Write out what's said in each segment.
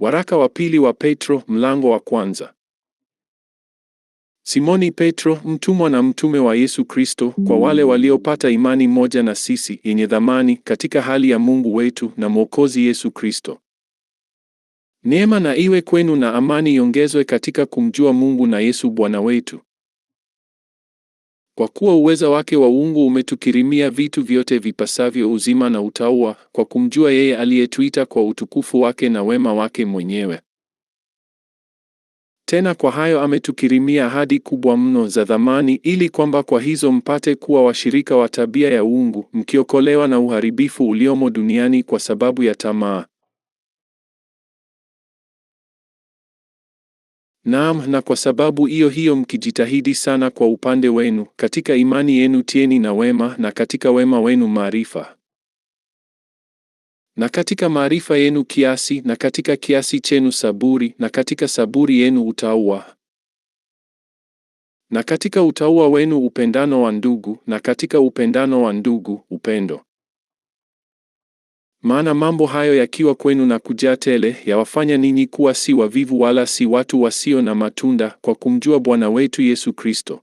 Waraka wa pili wa Petro mlango wa kwanza. Simoni Petro, mtumwa na mtume wa Yesu Kristo, kwa wale waliopata imani moja na sisi yenye dhamani katika hali ya Mungu wetu na Mwokozi Yesu Kristo. Neema na iwe kwenu na amani iongezwe katika kumjua Mungu na Yesu Bwana wetu. Kwa kuwa uweza wake wa uungu umetukirimia vitu vyote vipasavyo uzima na utauwa, kwa kumjua yeye aliyetuita kwa utukufu wake na wema wake mwenyewe. Tena kwa hayo ametukirimia ahadi kubwa mno za dhamani, ili kwamba kwa hizo mpate kuwa washirika wa tabia ya uungu, mkiokolewa na uharibifu uliomo duniani kwa sababu ya tamaa. Naam, na kwa sababu hiyo hiyo mkijitahidi sana kwa upande wenu, katika imani yenu tieni na wema, na katika wema wenu maarifa, na katika maarifa yenu kiasi, na katika kiasi chenu saburi, na katika saburi yenu utaua na katika utaua wenu upendano wa ndugu, na katika upendano wa ndugu upendo. Maana mambo hayo yakiwa kwenu na kujaa tele, yawafanya ninyi kuwa si wavivu wala si watu wasio na matunda, kwa kumjua Bwana wetu Yesu Kristo.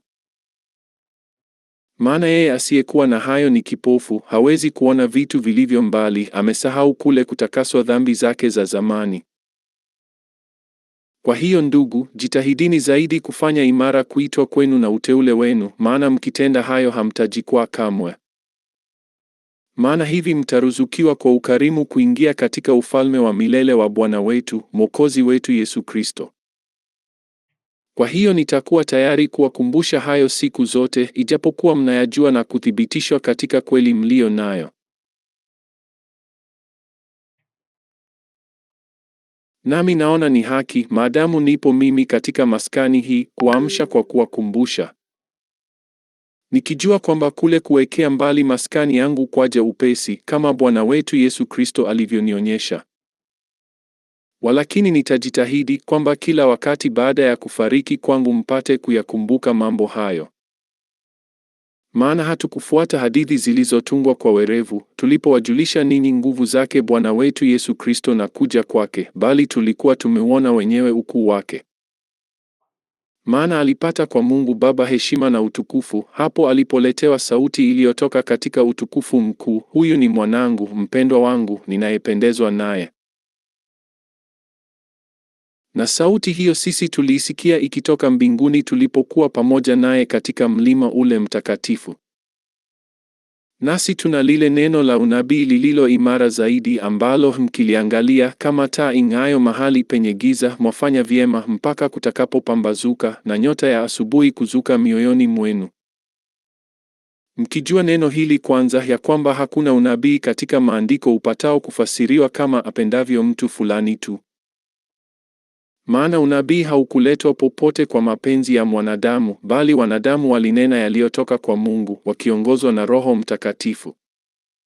Maana yeye asiyekuwa na hayo ni kipofu, hawezi kuona vitu vilivyo mbali, amesahau kule kutakaswa dhambi zake za zamani. Kwa hiyo ndugu, jitahidini zaidi kufanya imara kuitwa kwenu na uteule wenu, maana mkitenda hayo hamtajikwaa kamwe maana hivi mtaruzukiwa kwa ukarimu kuingia katika ufalme wa milele wa Bwana wetu Mwokozi wetu Yesu Kristo. Kwa hiyo nitakuwa tayari kuwakumbusha hayo siku zote, ijapokuwa mnayajua na kuthibitishwa katika kweli mliyo nayo. Nami naona ni haki, maadamu nipo mimi katika maskani hii, kuamsha kwa kuwakumbusha nikijua kwamba kule kuwekea mbali maskani yangu kwaja upesi, kama Bwana wetu Yesu Kristo alivyonionyesha. Walakini nitajitahidi kwamba kila wakati baada ya kufariki kwangu mpate kuyakumbuka mambo hayo. Maana hatukufuata hadithi zilizotungwa kwa werevu, tulipowajulisha ninyi nguvu zake Bwana wetu Yesu Kristo na kuja kwake, bali tulikuwa tumeuona wenyewe ukuu wake. Maana alipata kwa Mungu Baba heshima na utukufu, hapo alipoletewa sauti iliyotoka katika utukufu mkuu, huyu ni mwanangu mpendwa wangu, ninayependezwa naye. Na sauti hiyo sisi tuliisikia ikitoka mbinguni tulipokuwa pamoja naye katika mlima ule mtakatifu. Nasi tuna lile neno la unabii lililo imara zaidi ambalo mkiliangalia kama taa ing'ayo mahali penye giza mwafanya vyema mpaka kutakapopambazuka na nyota ya asubuhi kuzuka mioyoni mwenu. Mkijua neno hili kwanza, ya kwamba hakuna unabii katika maandiko upatao kufasiriwa kama apendavyo mtu fulani tu, maana unabii haukuletwa popote kwa mapenzi ya mwanadamu, bali wanadamu walinena yaliyotoka kwa Mungu wakiongozwa na Roho Mtakatifu.